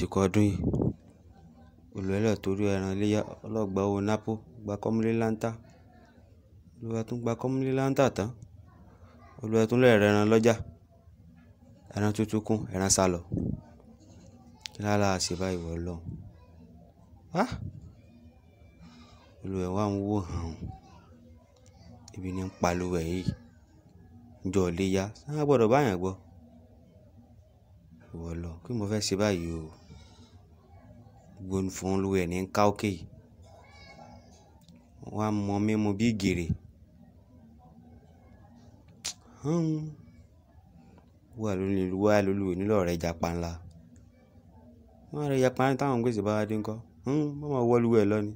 àsìkò ọdún yìí olùẹlẹ torí ẹran iléyà ọlọgbà owó napo gba kọmúlé láńtà olùwà tún gba kọmúlé láńtà tán olùwà tún lẹẹrẹ ẹran lọjà ẹran tuntun kún ẹran sálọ kí lára àṣìbá ìwọ lọhùn á olùwẹ wa ń wò hàn ibi ní ń paluwẹ yìí njọ léyà sáà gbọ́dọ̀ báyàn gbọ́ ìwọ lọ kí mo fẹ́ ṣe báyìí o gbonu fɔŋ lu yɛ ne kawo ke wa mɔ mi mo bi gere hɔn wa lulu wa lulu ni lɔ rɛ kpan la wọn rɛ dza kpan táwọn gbèsè bá wa dé ńkọ hɔn wọn ma wọlu yɛ lọ ni.